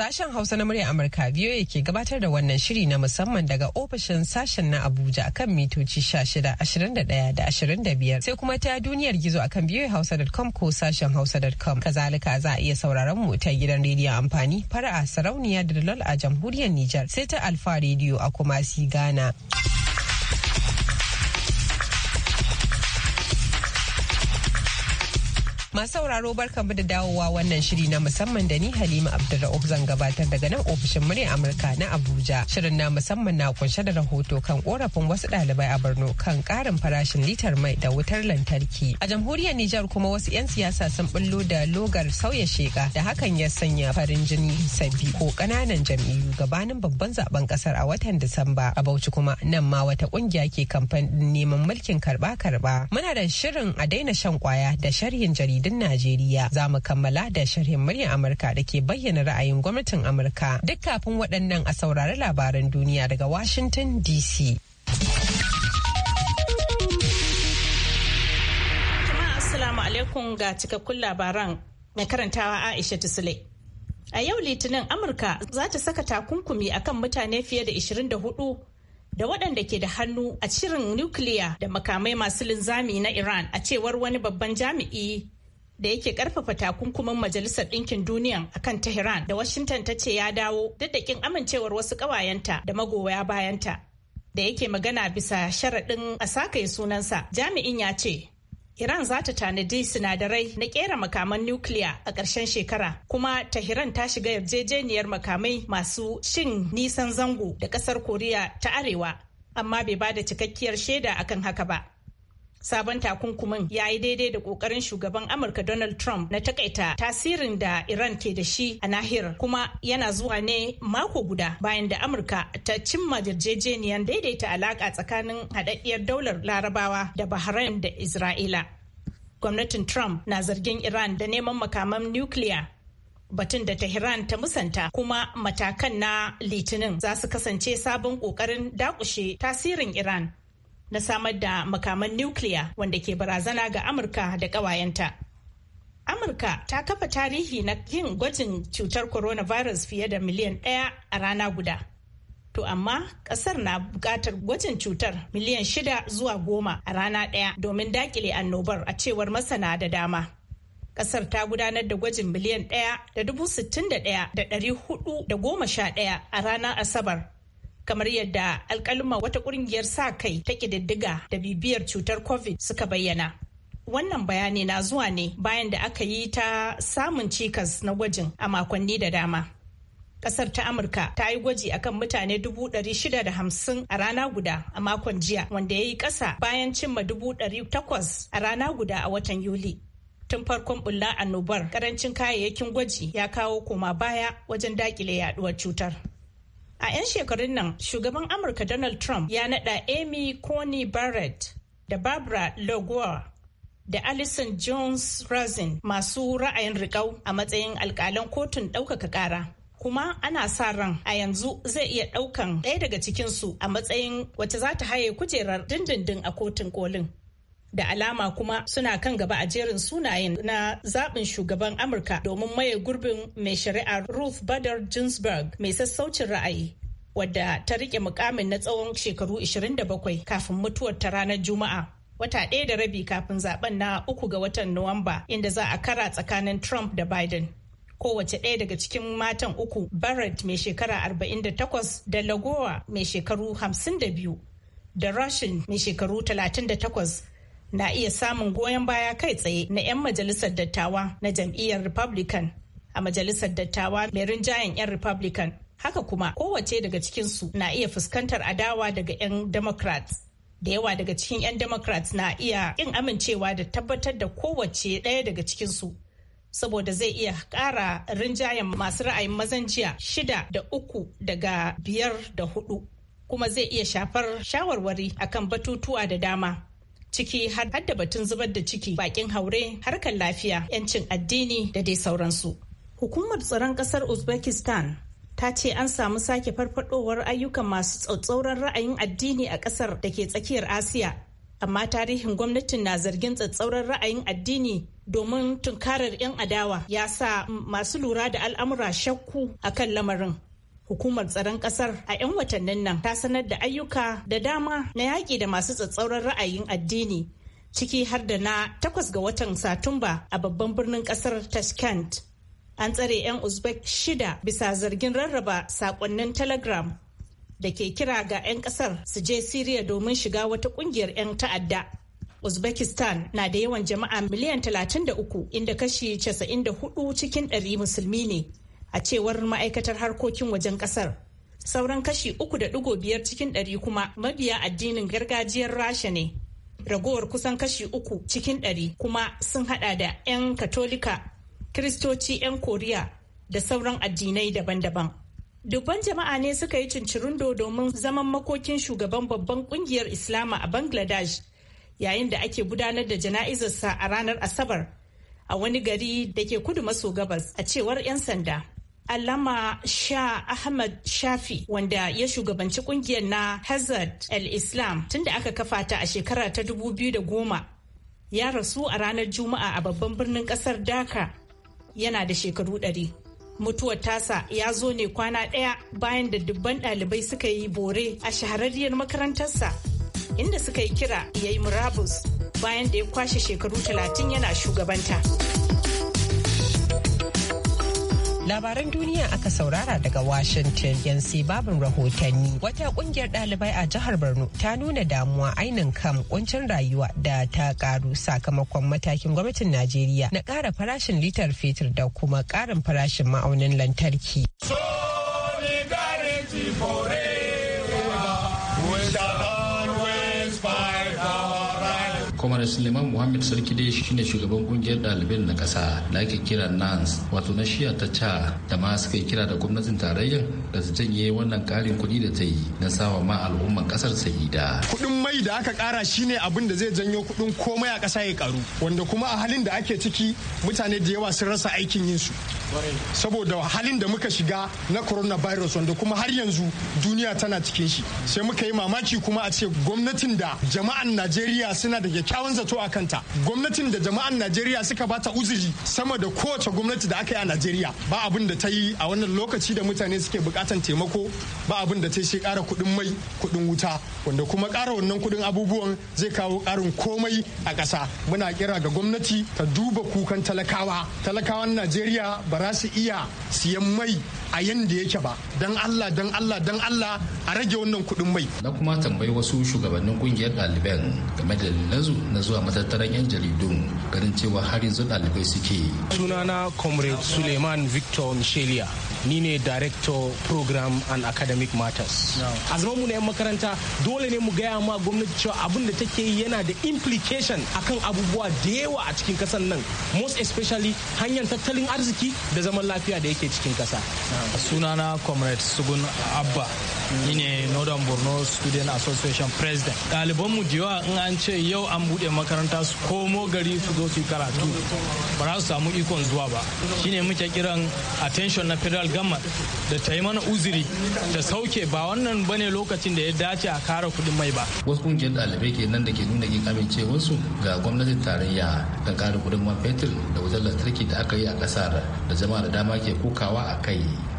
Sashen Hausa na murya Amurka biyo ke gabatar da wannan shiri na musamman daga ofishin sashen na Abuja akan mitoci 16, da 25 sai kuma ta duniyar gizo akan Hausa.com ko sashen hausa.com. Kazalika za a iya sauraron mu ta gidan rediyon amfani fara'a sarauniya da dalol a jamhuriyar Nijar sai ta Alfa Radio a Kumasi Ghana. Masu sauraro barkanmu da dawowa wannan shiri na musamman da ni Halima Abdulrahman, zan gabatar daga nan ofishin murya Amurka na Abuja. Shirin na musamman na kunshe da rahoto kan korafin wasu ɗalibai a Borno kan ƙarin farashin litar mai da wutar lantarki. A jamhuriyar Nijar kuma wasu 'yan siyasa sun bullo da logar sauya sheƙa, da hakan ya sanya farin jini sabbi ko ƙananan jam'iyyu gabanin babban zaben ƙasar a watan Disamba. A Bauchi kuma nan ma wata ƙungiya ke kamfanin neman mulkin karɓa-karɓa. Muna da shirin a daina shan kwaya da sharhin jarida jaridun Najeriya. Za mu kammala da sharhin muryar Amurka da ke bayyana ra'ayin gwamnatin Amurka. Duk kafin waɗannan a saurari labaran duniya daga Washington DC. Assalamu alaikum ga cikakkun labaran mai karantawa Aisha Tusule. A yau Litinin Amurka za ta saka takunkumi akan mutane fiye da 24 da waɗanda ke da hannu a cirin nukiliya da makamai masu linzami na Iran a cewar wani babban jami'i da yake karfafa takunkumin majalisar ɗinkin duniya akan Tehran da Washington ta ce ya dawo daddakin amincewar wasu ƙawayenta da magoya bayanta. Da yake magana bisa sharaɗin a sakaye sunansa, jami'in ya ce, Iran za ta tanadi sinadarai na kera makaman nukiliya a ƙarshen shekara kuma Tahiran ta shiga yarjejeniyar makamai masu shin nisan zango da ƙasar Koriya ta Arewa amma bai ba da cikakkiyar shaida akan haka ba. Sabon takunkumin ya yi daidai da ƙoƙarin shugaban Amurka Donald Trump na takaita tasirin da Iran ke da shi a nahiyar kuma yana zuwa ne mako guda bayan da Amurka ta cimma jirjejeniyar daidaita alaƙa tsakanin haɗaɗɗiyar daular Larabawa da Bahrain da Isra'ila. Gwamnatin Trump na zargin Iran da neman makaman nukiliya batun da Tehran ta musanta kuma matakan na litinin za su kasance sabon kokarin dakushe tasirin Iran na samar da makaman nukiliya wanda ke barazana ga Amurka da ƙawayenta. Amurka ta kafa tarihi na yin gwajin cutar coronavirus fiye da miliyan ɗaya a rana guda. To amma ƙasar na buƙatar gwajin cutar miliyan shida zuwa goma a rana ɗaya domin daƙile annobar a cewar masana da dama. Ƙasar ta gudanar da gwajin miliyan ɗaya da dubu sittin da ɗaya da ɗari hudu da goma sha ɗaya a ranar Asabar kamar yadda alkaluma wata kungiyar sa kai ta kididdiga da bibiyar cutar covid suka bayyana wannan bayani na zuwa ne bayan da aka yi ta samun cikas na gwajin a makonni da dama kasar ta amurka ta yi gwaji akan mutane 650 a rana guda a makon jiya wanda ya yi kasa bayan cimma 800 a rana guda a watan yuli tun farkon bulla annobar karancin kayayyakin gwaji ya kawo koma baya wajen dakile yaduwar cutar A 'yan shekarun nan, shugaban Amurka Donald Trump ya naɗa Amy Coney Barrett da Barbara Lagoa da Alison Jones Razin masu ra'ayin riƙau a matsayin alƙalan kotun ɗaukaka ƙara. Kuma ana sa ran a yanzu zai iya ɗaukan ɗaya daga cikinsu a matsayin wacce za ta haye kujerar dindindin a kotun kolin. da alama kuma suna kan gaba a jerin sunayen na zaɓin shugaban amurka domin maye gurbin mai shari'a ruth bader ginsburg mai sassaucin ra'ayi wadda ta rike mukamin na tsawon shekaru 27 kafin mutuwar ta ranar juma'a wata ɗaya da rabi kafin zaben na uku ga watan nuwamba inda za a kara tsakanin trump da biden kowace ɗaya daga cikin matan uku barrett mai shekara 48 da lagowa mai shekaru 52 da russian mai shekaru 38 na iya samun goyon baya kai tsaye na 'yan majalisar dattawa na jam'iyyar Republican a majalisar dattawa mai rinjayen 'yan Republican. Haka kuma kowace daga cikinsu na iya fuskantar adawa daga 'yan Democrats. da yawa daga cikin 'yan democrats na iya yin amincewa da tabbatar da kowace ɗaya daga cikinsu saboda zai iya ƙara rinjayen masu ra'ayin mazan jiya shida da uku daga biyar da hudu kuma zai iya shafar shawarwari akan batutuwa da dama ciki har da batun zubar da ciki bakin haure harkar lafiya 'yancin addini da dai sauransu hukumar tsaron kasar uzbekistan ta ce an samu sake farfadowar ayyukan masu tsautsauran ra'ayin addini a kasar da ke tsakiyar asiya amma tarihin gwamnatin na zargin tsatsauran ra'ayin addini domin tunkarar 'yan adawa ya sa masu lura da al'amura shakku akan lamarin hukumar tsaron kasar a 'yan watannin nan ta sanar da ayyuka da dama na yaƙi da masu tsatsauran ra'ayin addini ciki har da na takwas ga watan satumba a babban birnin kasar tashkent an tsare 'yan uzbek shida bisa zargin rarraba sakonnin telegram da ke kira ga 'yan kasar su je siriya domin shiga wata kungiyar 'yan ta'adda Uzbekistan na da yawan jama'a miliyan 33 inda kashi 94 cikin 100 musulmi ne. a cewar ma'aikatar harkokin wajen kasar sauran kashi uku da digo biyar cikin ɗari kuma mabiya addinin gargajiyar rasha ne ragowar kusan kashi uku cikin ɗari kuma sun hada da 'yan katolika kiristoci 'yan koriya da sauran addinai daban-daban dubban jama'a ne suka yi cincirindo domin zaman makokin shugaban babban kungiyar islama a bangladesh yayin da ake gudanar da jana'izarsa a ranar asabar a wani gari da ke kudu maso gabas a cewar 'yan sanda alama sha ahmad shafi wanda ya shugabanci kungiyar na hazard al-islam tunda aka kafa ta a shekara ta 2010 ya rasu a ranar juma'a a babban birnin kasar dhaka yana da shekaru 100 mutuwar tasa ya zo ne kwana ɗaya bayan da dubban ɗalibai suka yi bore a shahararriyar makarantarsa inda suka yi kira ya yi murabus bayan da ya kwashe shekaru 30 yana shugabanta. Labaran duniya aka saurara daga Washington yanzu babin rahotanni. Wata kungiyar ɗalibai a jihar Borno ta nuna damuwa ainin kan kuncin rayuwa da ta karu sakamakon matakin gwamnatin Najeriya na ƙara farashin litar fetur da kuma ƙarin farashin ma'aunin lantarki. Kwamar Suleiman Muhammad Sarki dai shine shugaban kungiyar ɗalibai na ƙasa da ake kira NANS wato na shiya ta ca da ma suka yi kira da gwamnatin tarayyar da su janye wannan ƙarin kuɗi da ta yi na sawa ma al'umman ƙasar sayida. Kuɗin mai da aka kara shine abin da zai janyo kuɗin komai a ƙasa ya karu wanda kuma a halin da ake ciki mutane da yawa sun rasa aikin yin su saboda halin da muka shiga na coronavirus wanda kuma har yanzu duniya tana cikin shi sai muka yi mamaki kuma a ce gwamnatin da jama'an najeriya suna da kyakkyawan zato a kanta gwamnatin da jama'an najeriya suka bata uzuri sama da kowace gwamnati da aka yi a najeriya ba abin da ta yi a wannan lokaci da mutane suke bukatan taimako ba abin da ta yi shi kara kuɗin mai kudin wuta wanda kuma kara wannan Kuɗin kudin abubuwan zai kawo karin komai a ƙasa muna kira ga gwamnati ta duba kukan talakawa talakawan najeriya ba za su iya siyan mai a yanda yake ba dan Allah dan Allah dan Allah a rage wannan kuɗin mai na kuma tambayi wasu shugabannin kungiyar ɗaliban game da lazu na zuwa matattaran yan jaridun garin cewa har yanzu ɗalibai suke sunana comrade Suleiman Victor Michelia ni ne director program and academic matters a zaman mu na yan makaranta dole ne mu gaya ma gwamnati cewa abin da take yi yana da implication akan abubuwa da yawa a cikin kasan nan most especially hanyar tattalin arziki da zaman lafiya da yake cikin kasa sunana comrade sugun abba ni ne northern borno student association president ɗaliban mu yawa in an ce yau an buɗe makaranta su komo gari su zo su karatu ba za su samu ikon zuwa ba shine muke kiran attention na federal government da ta yi mana uziri da sauke ba wannan bane lokacin da ya dace a kara kuɗin mai ba wasu kungiyar ɗalibai ke nan da ke nuna kin wasu ga gwamnatin tarayya kan kara kudin man fetur da wajen lantarki da aka yi a ƙasar da jama'a da dama ke kukawa a kai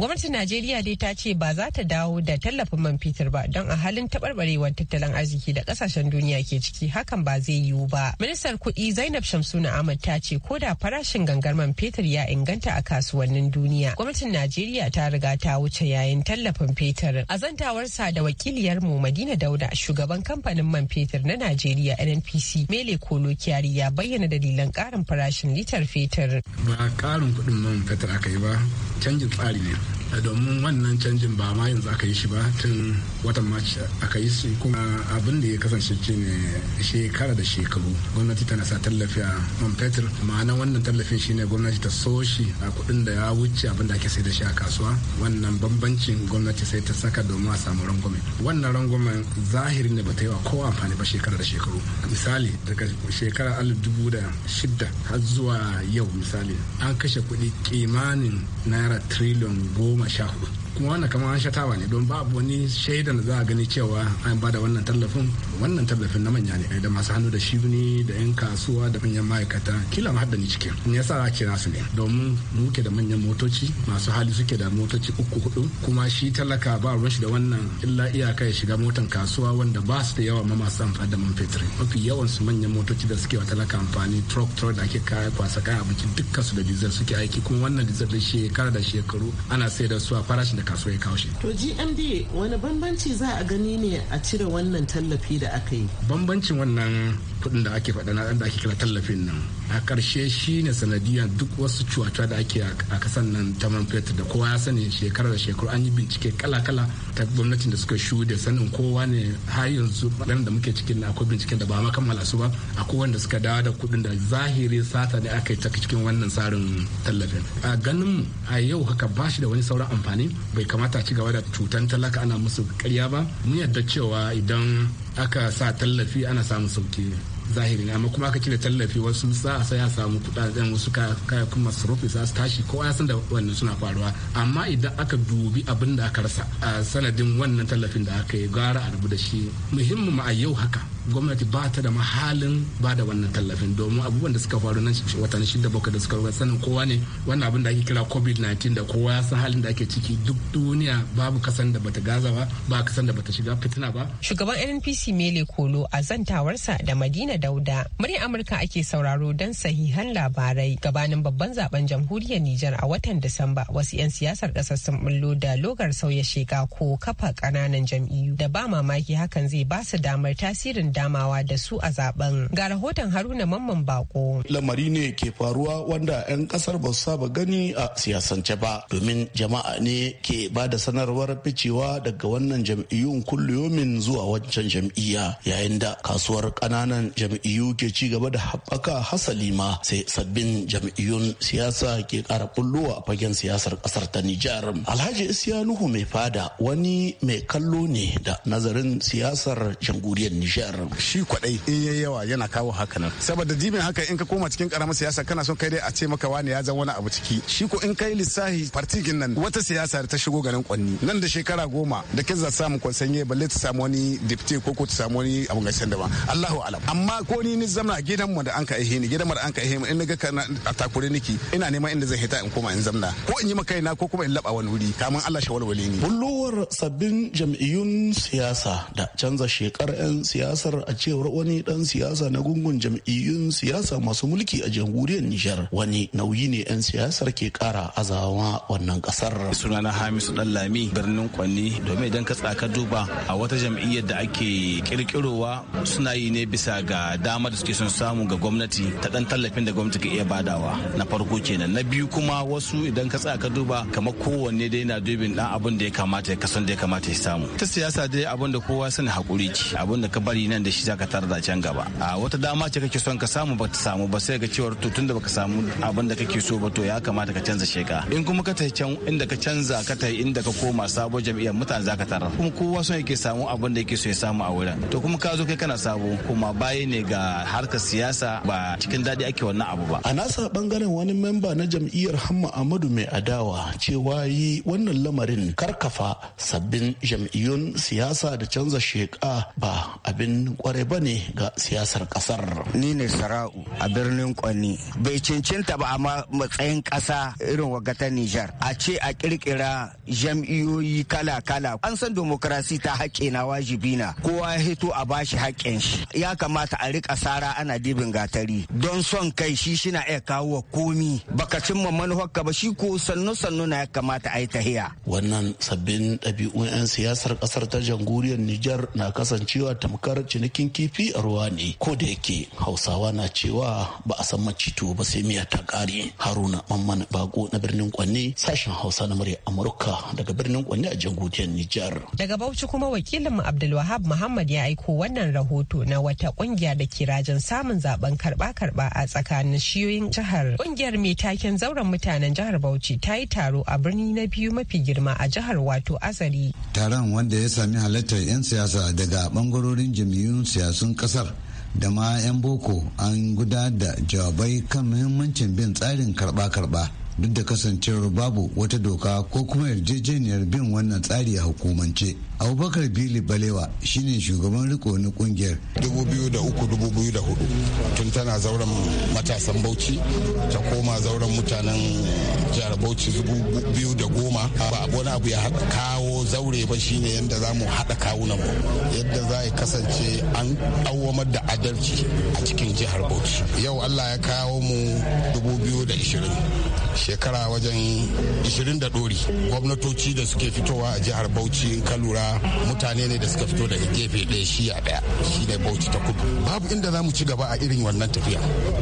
Gwamnatin Najeriya dai ta ce ba za ta dawo da tallafin man fetur ba don a halin taɓarɓarewar tattalin arziki da ƙasashen duniya ke ciki hakan ba zai yiwu ba. Ministar kuɗi Zainab Shamsuna Ahmad ta ce ko da farashin gangar man fetur ya inganta a kasuwannin duniya. Gwamnatin Najeriya ta riga ta wuce yayin tallafin fetur. A zantawarsa da wakiliyar mu Madina Dauda shugaban kamfanin man fetur na Najeriya NNPC Mele Kolo Kyari ya bayyana dalilan ƙarin farashin litar fetur. Ba ƙarin kuɗin man fetur aka yi ba canjin tsari ne. Eh, domin wannan canjin ba ma yanzu aka yi shi ba tun watan march aka yi shi kuma abin da ya kasance ce ne shekara da shekaru gwamnati tana sa tallafi a man fetur ma'ana wannan tallafin shi ne gwamnati ta so shi a kuɗin da ya wuce abin da ake sai da shi a kasuwa wannan bambancin gwamnati sai ta saka domin a samu rangwame wannan rangwamen zahiri ne ba ta yi wa kowa amfani ba shekara da shekaru misali daga shekara alif dubu da shidda har zuwa yau misali an kashe kuɗi kimanin naira triliyon goma 我晓得。kuma wannan kamar an shatawa ne don babu wani shaidan da za a gani cewa an ba da wannan tallafin wannan tallafin na manya ne da masu hannu da shibini da yan kasuwa da manyan ma'aikata kila ma ni cikin ne yasa a kira su ne domin muke da manyan motoci masu hali suke da motoci uku hudu kuma shi talaka ba ruwan shi da wannan illa iyaka ya shiga motan kasuwa wanda ba su da yawa ma masu amfani da man fetur mafi yawan su manyan motoci da suke wa talaka amfani truck truck da ake kaya kwasa kaya abinci dukkan su da diesel suke aiki kuma wannan diesel da shekara da shekaru ana sai da su a farashin da kasuwa ya kawo shi to gmd wani bambanci za a gani ne a cire wannan tallafi da aka yi bambancin wannan kuɗin da ake faɗa na da ake kira tallafin nan a ƙarshe shi ne sanadiyar duk wasu cuwacuwa da ake a kasan nan ta man da kowa ya sani shekarar da shekaru an yi bincike kala-kala ta gwamnatin da suka shuɗe sanin kowa ne har yanzu ɗan da muke cikin akwai binciken da ba ma kammala su ba a wanda suka dawo da kuɗin da zahiri sata ne aka yi ta cikin wannan tsarin tallafin a ganin a yau haka ba shi da wani sauran amfani bai kamata a ci gaba da cutan talaka ana musu karya ba mun yarda cewa idan aka sa tallafi ana samun sauki zahiri na kuma aka cire tallafi wasu sa sai ya samu kuɗaɗen wasu kaya kuma masarufi za su tashi kowa ya san da wannan suna faruwa amma idan aka dubi abin da aka rasa a sanadin wannan tallafin da aka yi gara a rubu da shi muhimmin a yau haka gwamnati ba ta da mahalin ba da wannan tallafin domin abubuwan da suka faru na watanni shida bakwai da suka faru sanin kowa ne wannan abin da ake kira covid-19 da kowa ya san halin da ake ciki duk duniya babu kasan da bata gaza ba ba kasan da bata shiga fitina ba shugaban NPC Mele Kolo a zantawarsa da Madina Dauda murya Amurka ake sauraro don sahihan labarai gabanin babban zaben jamhuriyar Nijar a watan Disamba wasu 'yan siyasar kasar sun bullo da logar sauya sheka ko kafa kananan jam'iyyu da ba mamaki hakan zai ba su damar tasirin damawa da su a zaben ga rahoton haruna mamman bako lamari ne ke faruwa wanda 'yan kasar ba su saba gani a siyasance ba domin jama'a ne ke ba da sanarwar ficewa daga wannan jam'iyyun kulliyomin zuwa wancan jam'iyya yayin da kasuwar kananan jam'iyyu ke ci gaba da haɓaka hasali ma sai sabbin jam'iyyun siyasa ke ƙara kulluwa a fagen siyasar ƙasar ta nijar alhaji nuhu mai fada wani mai kallo ne da nazarin siyasar jamhuriyar nijar shi kwadai in yayi yawa yana kawo haka nan saboda jibin haka in ka koma cikin karamar siyasa kana son kai dai a ce maka wani ya zama wani abu ciki shi ko in kai lissahi partigin nan wata siyasa ta shigo garin kwanni nan da shekara goma da kin za samu kwansanye balle ta samu wani dipte ko ko ta samu wani abun gashin da ba Allahu alam amma ko ni ni zamna gidan mu da an ka ihe ni gidan mu da an ka ihe mu in naga kana a takure niki ina nema inda zai hita in koma in zamna ko in yi maka ina ko kuma in laba wani wuri kamar Allah shawalwale ni bullowar sabbin jam'iyyun siyasa da canza shekar 'yan siyasa kasar a cewar wani dan siyasa na gungun jam'iyyun siyasa masu mulki a jamhuriyar Nijar wani nauyi ne 'yan siyasar ke kara azawa wannan kasar. Sunana Hamisu Dallami birnin Kwanni domin idan ka tsaka duba a wata jam'iyyar da ake kirkirowa suna yi ne bisa ga dama da suke son samu ga gwamnati ta dan tallafin da gwamnati ke iya badawa na farko kenan na biyu kuma wasu idan ka tsaka duba kamar kowanne dai na dubin dan abin da ya kamata ya kasan da ya kamata ya samu ta siyasa dai abin da kowa sani hakuri ki abin da ka bari nan nan da shi zaka da can gaba a wata dama ce kake son ka samu ba ta samu ba sai ga cewar to tunda baka samu abin da kake so ba to ya kamata ka canza sheka in kuma ka tai can inda ka canza ka tai inda ka koma sabo jami'an mutane zaka tara kuma kowa son yake samu abin da yake so ya samu a wurin to kuma ka zo kai kana sabo kuma baya ne ga harkar siyasa ba cikin daɗi ake wannan abu ba a nasa bangaren wani memba na jam'iyyar hamma amadu mai adawa cewa yi wannan lamarin karkafa sabbin jam'iyyun siyasa da canza sheka ba abin alhinin kwarai ba ne ga siyasar kasar. Ni ne Sara'u a birnin Kwanni. Bai cincinta ba a matsayin kasa irin waga ta Nijar. A ce a ƙirƙira jam'iyyoyi kala-kala. An san demokrasi ta haƙƙe na wajibi na. Kowa ya hito a bashi haƙƙin shi. Ya kamata a riƙa sara ana dibin gatari. Don son kai shi shina iya kawo komi. Baka cimma ka ba shi ko sannu-sannu na ya kamata a yi tahiya. Wannan sabbin ɗabi'un 'yan siyasar kasar ta jamhuriyar Nijar na kasancewa tamkar cinikin kifi a ruwa ne ko da yake hausawa na cewa ba a san macito ba sai miya ta kare haruna mamman bago na birnin kwanne sashen hausa na murya amurka daga birnin kwanne a jamhuriyar nijar daga bauchi kuma wakilin mu abdulwahab muhammad ya aiko wannan rahoto na wata kungiya da rajin samun zaben karba-karba a tsakanin shiyoyin jihar kungiyar mai taken zauren mutanen jihar bauchi ta yi taro a birni na biyu mafi girma a jihar wato azari taron wanda ya sami halartar 'yan siyasa daga bangarorin Jamiu. jam'iyyun siyasun kasar da ma 'yan boko an gudanar da jawabai kan muhimmancin bin tsarin karba-karba duk da kasancewar babu wata doka ko kuma yarjejeniyar bin wannan tsari a hukumance abubakar bili balewa shine shugaban riko na kungiyar 2003-2004 tun tana zauren matasan bauchi ta koma zauren mutanen jihar bauchi biyu da goma ba wani abu ya kawo zaure ba shine yadda za mu haɗa kawunan mu yadda za a kasance an awwamar da adalci a cikin jihar bauchi yau allah ya kawo mu 2020 shekara wajen 20 da dori gwamnatoci da suke fitowa a jihar bauchi in ka lura mutane ne da suka fito daga gefe ɗaya a ɗaya shi ne bauchi ta kudu babu inda za mu ci gaba a irin wannan tafiya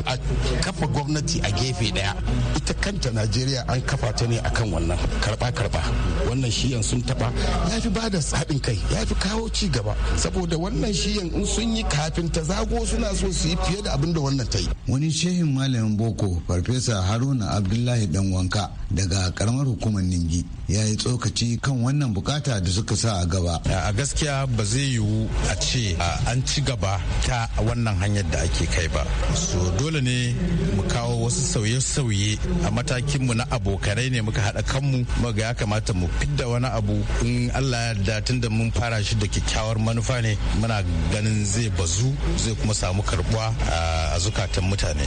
a kafa gwamnati a gefe ɗaya ita kanta najeriya an kafa ta ne akan wannan karba karba wannan shiyan sun taba ya fi ba da haɗin kai ya fi kawo ci gaba saboda wannan shiyan in sun yi kafin ta zago suna so su yi fiye da abin da wannan ta yi wani shehin malamin boko farfesa haruna abdullahi don wanka daga karamar hukumar ningi ya yi tsokaci kan wannan bukata da suka sa a gaba. A gaskiya ba zai yiwu a ce an ci gaba ta wannan hanyar da ake kai ba. So dole ne mu kawo wasu sauye-sauye a matakinmu na abokanai ne muka haɗa kanmu muga ya kamata mu fidda wani abu in Allah ya tun da mun fara shi da kyakkyawar manufa ne muna ganin zai bazu zai kuma samu karbuwa a zukatan mutane.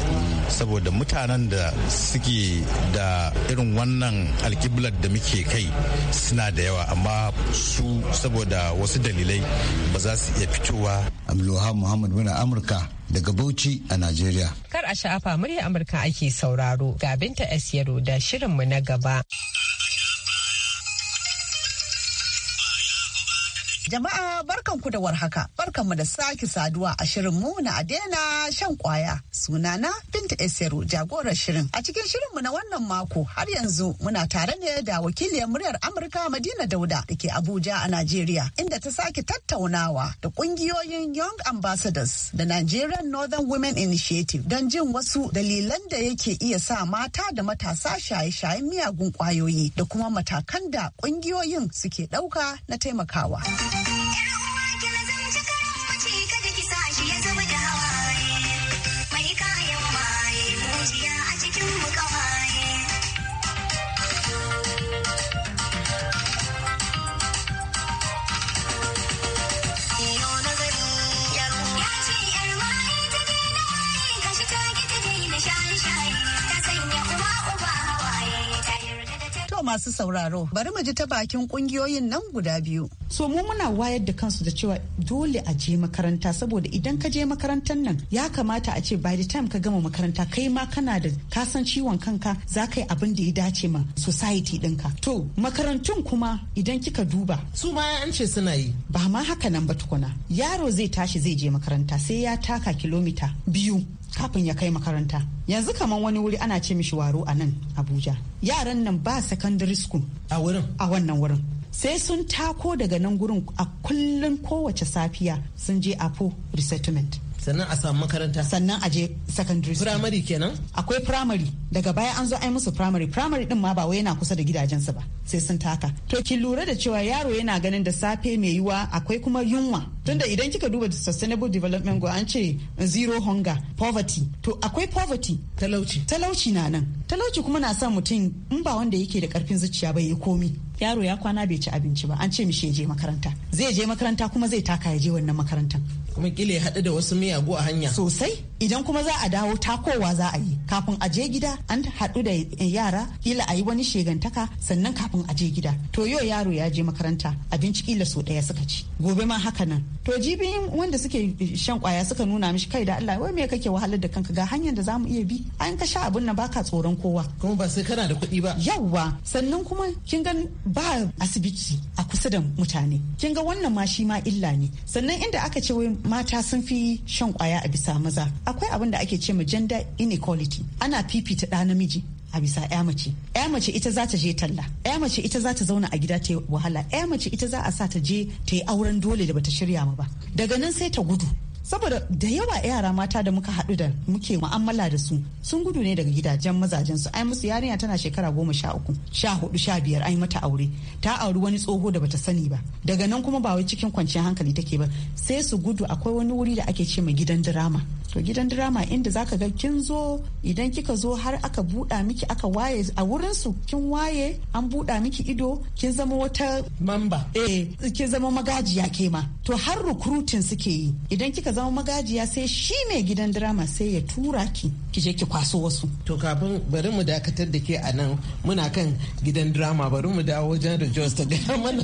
Saboda mutanen da suke da irin wannan alkiblar da muke kai suna da yawa amma su saboda wasu dalilai ba za su iya fitowa abdulwahab muhammad muna amurka daga bauchi a najeriya kar a sha'afa murya amurka ake sauraro ga binta s yaro da shirinmu na gaba Jama'a barkan ku da warhaka, barkan mu da sake saduwa a shirin mu na Adena shan kwaya. Sunana Binta Esiru jagorar shirin. A cikin shirin mu na wannan mako har yanzu muna tare ne da wakiliyar muryar Amurka Madina Dauda da ke Abuja a Najeriya inda ta sake tattaunawa da kungiyoyin Young Ambassadors da Nigerian Northern Women Initiative don jin wasu dalilan da yake iya sa mata da matasa shaye-shayen miyagun kwayoyi da kuma matakan da kungiyoyin suke ɗauka na taimakawa. masu sauraro bari mu ji ta bakin kungiyoyin nan guda biyu. So mu muna wayar da kansu da cewa dole a je makaranta saboda idan ka je makarantar nan ya kamata a ce by the time ka gama makaranta kai ma kana da kasan ciwon kanka za ka yi abin da ya dace ma society ɗinka. To makarantun kuma idan kika duba. Su ma an ce suna yi. Ba ma haka nan ba tukuna. Yaro zai tashi zai je makaranta sai ya taka kilomita biyu kafin ya kai makaranta yanzu kamar wani wuri ana ce mishi waro a nan abuja yaran nan ba secondary school a wurin a wannan wurin sai sun tako daga nan gurin a kullum kowace safiya sun je apo resettlement sannan a samu makaranta sannan a je secondary school primary kenan akwai primary daga baya an zo ai musu primary primary din ma ba wai yana kusa da gidajensu ba sai sun taka to ki lura da cewa yaro yana ganin da safe mai yuwa akwai kuma yunwa tunda idan kika duba sustainable development goal an ce zero hunger poverty to akwai poverty talauci talauci na nan talauci kuma na sa mutum in ba wanda yake da karfin zuciya bai yi komi yaro ya kwana bai ci abinci ba an ce mishi ya je makaranta zai je makaranta kuma zai taka ya je wannan makarantan kuma kila ya haɗu da wasu miyagu a hanya sosai idan kuma za a dawo takowa za a yi kafin a je gida an haɗu da yara kila a yi wani shegantaka sannan kafin a je gida to yau yaro ya je makaranta abinci kila so ɗaya suka ci gobe ma haka nan to jibin wanda suke shan kwaya suka nuna mishi kai da Allah wai me kake wahalar da kanka ga hanyar da zamu iya bi an ka sha abin nan baka tsoron kowa kuma ba sai kana da kuɗi ba yawwa sannan kuma kin ga ba asibiti a kusa da mutane kin ga wannan ma shi ma illa ne sannan inda aka ce wai mata sun fi shan kwaya a bisa maza akwai abin da ake ce ma gender inequality ana fifita ɗa namiji a bisa ya mace ya mace ita za ta je talla ya mace ita za ta zauna a gida ta wahala ya mace ita za a sa ta je ta yi auren dole da bata shirya ma ba daga nan sai ta gudu saboda da yawa yara mata da muka haɗu da muke mu'amala da su sun gudu ne daga gidajen mazajen su ai musu yarinya tana shekara goma sha uku sha hudu sha biyar ai mata aure ta auri wani tsoho da bata sani ba daga nan kuma ba wai cikin kwanciyar hankali take ba sai su gudu akwai wani wuri da ake ce ma gidan dirama to gidan dirama inda zaka ga kin zo idan kika zo har aka buɗa miki aka waye a wurin su kin waye an buɗa miki ido kin zama wata mamba eh kin zama magajiya ke ma to har recruiting suke yi idan kika zama magajiya sai shi mai gidan drama sai ya tura ki ki je ki kwaso wasu. To kafin bari mu dakatar da ke a nan muna kan gidan drama bari mu dawo wajen Rejoice ta gaya mana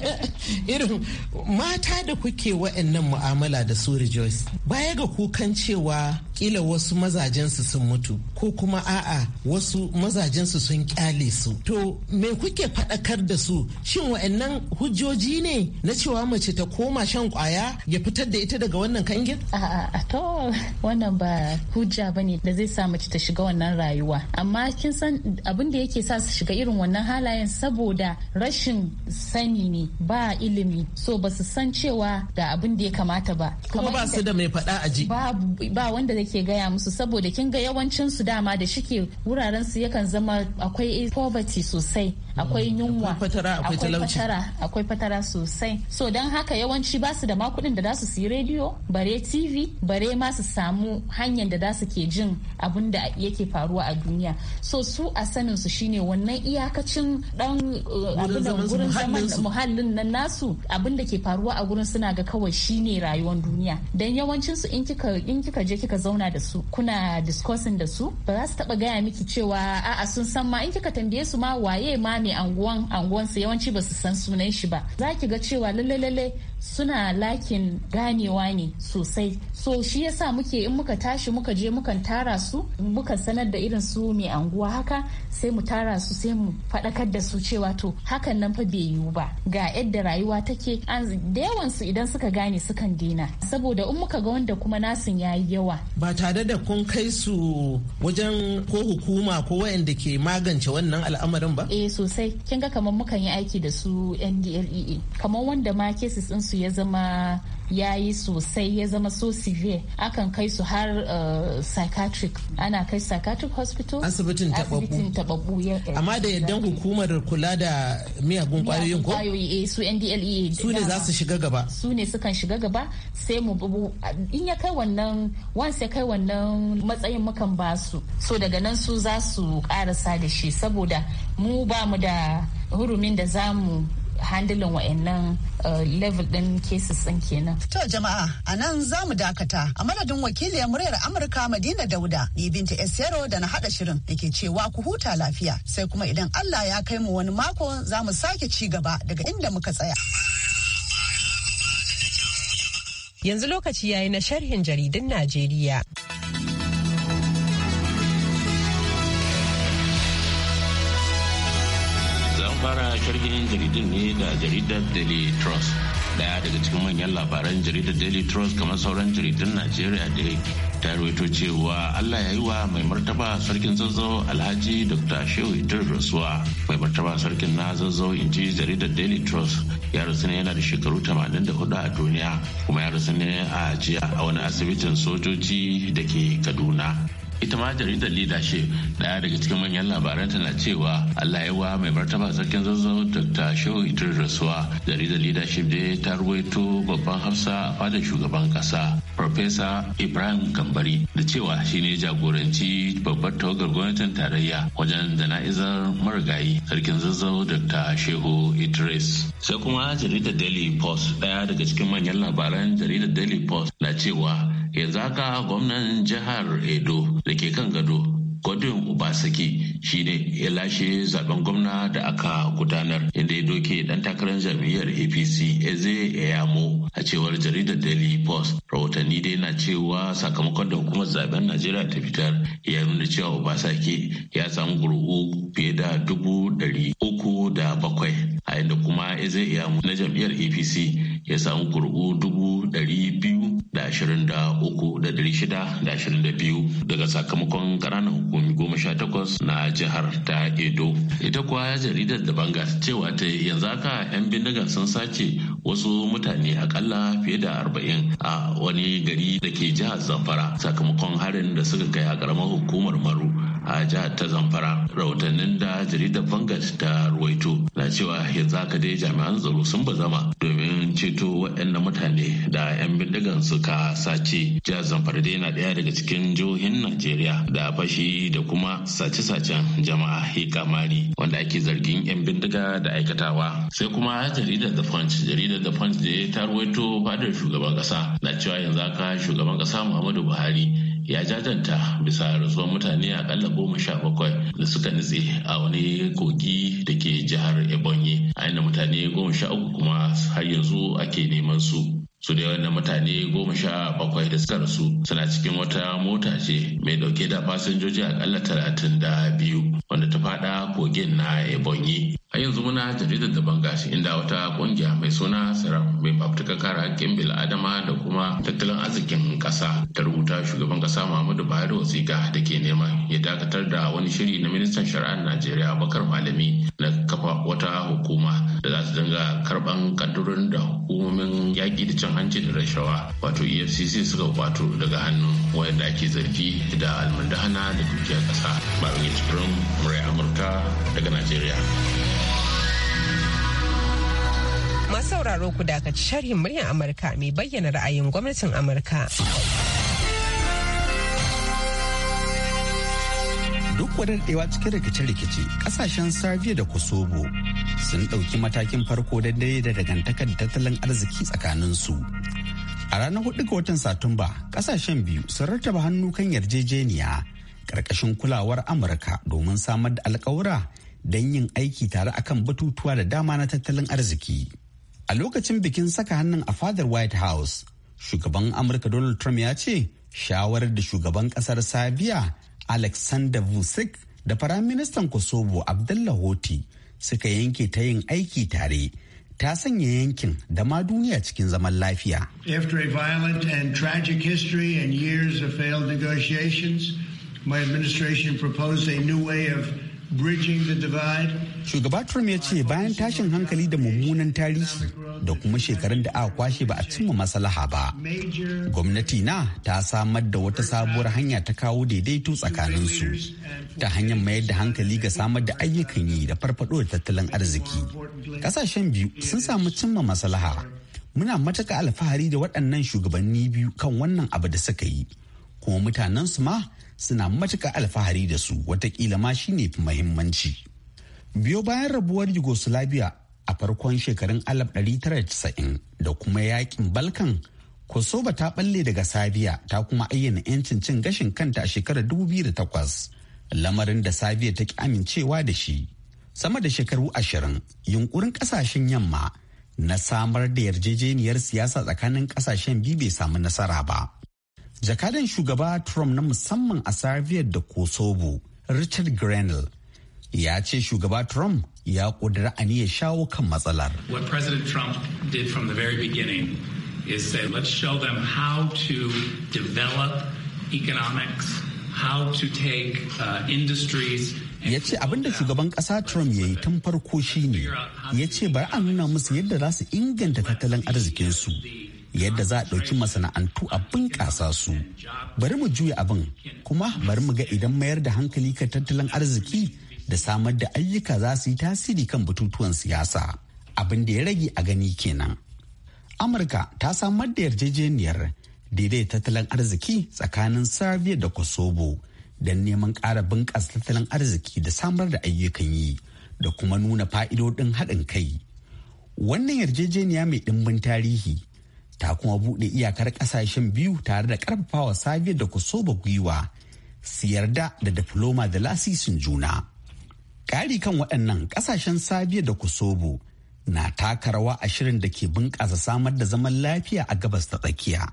irin mata da kuke wa'annan mu'amala da su Rejoice. Baya ga kukan cewa kila wasu mazajensu sun mutu ko kuma a'a wasu mazajensu sun kyale su. To me kuke faɗakar da su shin wa'annan hujjoji ne na cewa mace ta koma shan kwaya ya fitar da ita daga wannan kangin? A'a to wannan ba hujja bane da zai samu mace ta shiga wannan rayuwa amma kin san abin da yake sa su shiga irin wannan halayen saboda rashin sani ne ba ilimi so ba su san cewa da abin da ya kamata ba kuma ba su da mai faɗa a ji ba wanda yake gaya musu saboda kin ga yawancin su dama da shike wuraren su yakan zama akwai poverty sosai akwai yunwa akwai fatara akwai fatara sosai so don haka yawanci basu da makudin da su siyi rediyo bare tv bare ma su samu hanyar da su ke jin abin da yake faruwa a duniya so su a sanin su shine wannan iyakacin dan eh, gurin zaman muhallin nan nasu abin da ke faruwa a gurin suna ga kawai shine rayuwar duniya dan yawancin su in kika in kika je kika zauna da su kuna discussing da su ba za su taba gaya miki cewa a'a sun san ma in kika tambaye su ma waye ma ne anguwan anguwan su yawanci ba su san sunan shi ba za ki ga cewa lalle lalle suna lakin ganewa ne sosai so shi yasa muke in muka tashi muka je muka tara su muka sanar da irin su mai anguwa haka sai mu tara su sai mu faɗakar da su cewa to hakan nan fa bai yiwu ba ga yadda rayuwa take an da yawan su idan suka gane sukan dina saboda in muka ga wanda kuma nasin ya yi yawa ba tare da kun kai su wajen ko hukuma ko wayanda ke magance wannan al'amarin ba eh sosai kin ga kamar mukan yi aiki da su NDLEA kamar wanda ma cases din su ya zama ya yi sosai ya zama so severe akan kai su har uh, psychiatric ana kai psychiatric hospital asibitin tababbu amma da yaddan hukumar kula da miyagun kwayoyin ko kwayoyi eh, su ndlea su ne za su shiga gaba su ne sukan shiga gaba sai mu bubu in ya kai wannan once ya kai wannan matsayin mukan ba su so daga nan su za su karasa da shi saboda mu ba mu da hurumin da za mu handling wa'annan uh, level din cases din kenan. To jama'a a nan za mu dakata a madadin wakiliyar muryar Amurka Madina Dauda ni binta Esero da na hada shirin da cewa ku huta lafiya sai kuma idan Allah ya kai mu wani mako za mu sake ci gaba daga inda muka tsaya. Yanzu lokaci yayi na sharhin jaridun Najeriya. sharhin jaridun ne da jaridar daily trust daya daga cikin manyan labaran jaridar daily trust kamar sauran jaridun najeriya da ta rawaito cewa allah ya yi wa mai martaba sarkin zazzau alhaji dr shehu idris rasuwa mai martaba sarkin na zazzau in ji jaridar daily trust ya rasu ne yana da shekaru 84 a duniya kuma ya rasu ne a jiya a wani asibitin sojoji da ke kaduna ita ma jaridar ce daya daga cikin manyan labaran tana cewa allah yawa mai martaba sarkin zazzau dr shehu idris rasuwa jaridar leadership da ta ruwaito babban hafsa a fadar shugaban kasa farfesa ibrahim gambari da cewa shine jagoranci babbar tawagar gwamnatin tarayya wajen jana'izar marigayi sarkin zazzau dr shehu idris sai kuma jaridar daily post daya daga cikin manyan labaran jaridar daily post na cewa yanzu haka gwamnan jihar edo da ke kan gado godwin obasaki ne ya lashe zaben gwamna da aka gudanar inda ya doke dan takarar jam'iyyar apc eze eyamo a cewar jaridar daily post rahotanni dai na cewa sakamakon da hukumar zaben najeriya ta fitar ya nuna cewa obasaki ya samu gurgu fiye da dubu dari uku da bakwai a inda kuma eze eyamo na jam'iyyar apc ya samu gurgu dubu dari biyu da ashirin da uku da dari shida da ashirin da biyu daga sakamakon ƙananan hukumi goma sha takwas na jihar ta edo ita kuwa jaridar da banga cewa ta yanzu haka 'yan bindigan sun sace wasu mutane akalla fiye da arba'in a wani gari da ke jihar zamfara sakamakon harin da suka kai a ƙaramar hukumar maru a jihar ta zamfara rahotannin da jaridar vanguard ta ruwaito na cewa yanzu haka dai jami'an tsaro sun zama, domin ceto waɗannan mutane da 'yan bindigan suka sace jihar zamfara dai na ɗaya daga cikin jihohin najeriya da fashi da kuma sace-sacen jama'a ya kamari wanda ake zargin 'yan bindiga da aikatawa sai kuma jaridar the punch jaridar the punch da ta ruwaito fadar shugaban kasa na cewa yanzu haka shugaban kasa muhammadu buhari ya jajanta bisa rasuwar mutane akalla goma sha bakwai da suka nutse a wani kogi da ke jihar ebonyi a inda mutane goma sha uku kuma har yanzu ake neman su su da yawan mutane goma sha bakwai da suka rasu suna cikin wata mota ce mai dauke da fasinjoji akalla talatin da biyu wanda ta fada kogin na ebonyi a yanzu muna jaridar da bangashi inda wata kungiya mai suna sarrafa mai baftuka kara, hakkin adama, da kuma tattalin arzikin kasa ta rubuta shugaban kasa muhammadu buhari wasiƙa da ke neman ya dakatar da wani shiri na ministan shari'ar najeriya bakar malami na kafa wata hukuma da za su dinga karban kadurin da hukumomin yaƙi da cin hanci da rashawa wato efcc suka kwato daga hannun wayanda ake zargi da almundahana da dukiyar kasa babin cikin murai amurka daga nigeria. masu sauraro ku dakaci sharhin muryar amurka mai bayyana ra'ayin gwamnatin amurka duk wadanɗewa cikin rikice-rikice kasashen sabiya da kosovo sun ɗauki matakin farko da da dangantakar tattalin arziki tsakanin su. A ranar hudu ga watan Satumba, ƙasashen biyu sun rattaba hannu kan yarjejeniya ƙarƙashin kulawar Amurka domin samar da alƙawura don yin aiki tare akan batutuwa da dama na tattalin arziki. A lokacin bikin saka hannun a fadar White House, shugaban Amurka Donald Trump ya ce shawarar da shugaban ƙasar Sabiya Alexander Vucic da Firaministan Kosovo Abdullah Hoti suka yanke ta yin aiki tare ta sanya yankin da ma duniya cikin zaman lafiya. After a violent and tragic history and years of failed negotiations, my administration proposed a new way of Shugaba Trump ya ce bayan tashin hankali da mummunan tarihi da kuma shekarun da aka kwashe ba a cimma maslaha ba. Gwamnati na ta samar da wata sabuwar hanya ta kawo daidaito tsakaninsu ta hanyar mayar da hankali ga samar da ayyukan yi da farfado da tattalin arziki. Kasashen biyu sun samu cimma maslaha. Muna matuka alfahari da waɗannan shugabanni biyu kan wannan abu da suka yi. Kuma mutanensu ma suna matuka alfahari da su watakila ma shine fi mahimmanci. Biyo bayan rabuwar Yugoslavia a farkon shekarun 1990 da kuma yakin Balkan, Kosova ta balle daga Sabiya ta kuma ayyana 'yancin cin gashin kanta a shekarar 2008, lamarin da Sabiya ta ki amincewa da shi. Sama da shekaru ashirin, yunkurin kasashen yamma na samar da yarjejeniyar siyasa tsakanin kasashen biyu bai samu nasara ba. jakadan shugaba trump na musamman a serbia da kosovo richard grenell ya ce shugaba trump ya kudura aniyar shawo kan matsalar what president trump did from the very beginning is say let's show them how to develop economics how to take uh, industries ya ce abinda shugaban kasa trump ya yi tun farko shine ya ce bari a nuna musu yadda za su inganta tattalin arzikinsu yadda za a ɗauki masana'antu a bunƙasa su bari mu juya abin kuma bari mu ga idan mayar da hankali kan tattalin arziki da samar da ayyuka za su yi tasiri kan batutuwan siyasa abin da ya rage a gani kenan amurka ta samar da yarjejeniyar daidai tattalin arziki tsakanin serbia da kosovo don neman ƙara bunƙasa tattalin arziki da samar da ayyukan yi da kuma nuna fa'idodin haɗin kai wannan yarjejeniya mai ɗimbin tarihi ta kuma buɗe iyakar ƙasashen biyu tare da ƙarfafawa sabiya da kosoba gwiwa siyarda da diploma da lasisin juna ƙari kan waɗannan ƙasashen sabiya da kosobo na taka rawa a shirin da ke bunƙasa samar da zaman lafiya a gabas ta tsakiya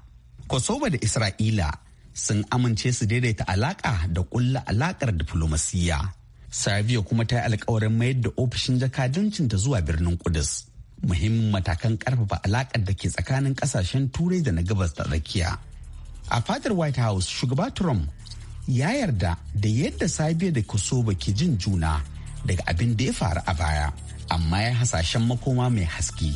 kosoba da isra'ila sun amince su daidaita alaƙa da ƙulla alaƙar diflomasiyya sabiya kuma ta yi alƙawarin mayar da ofishin jakadancinta zuwa birnin kudus muhimmin matakan karfafa alakar da ke tsakanin kasashen turai da na gabas da tsakiya a fadar white house shugaba trump ya yarda da yadda sabiya da kosovo ke jin juna daga abin da ya faru a baya amma ya hasashen makoma mai haske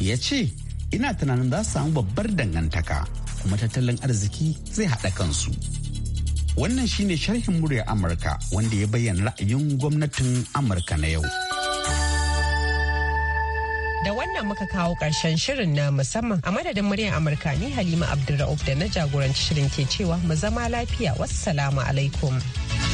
ya ce ina tunanin za su samu babbar dangantaka kuma tattalin arziki zai haɗa kansu wannan shine sharhin muryar amurka wanda ya bayyana ra'ayin gwamnatin amurka na yau. da wannan muka kawo ƙarshen shirin na musamman a madadin muryar amurka ni halima abdulra'uf da na jagoranci shirin ke cewa mu zama lafiya wasu wassalamu alaikum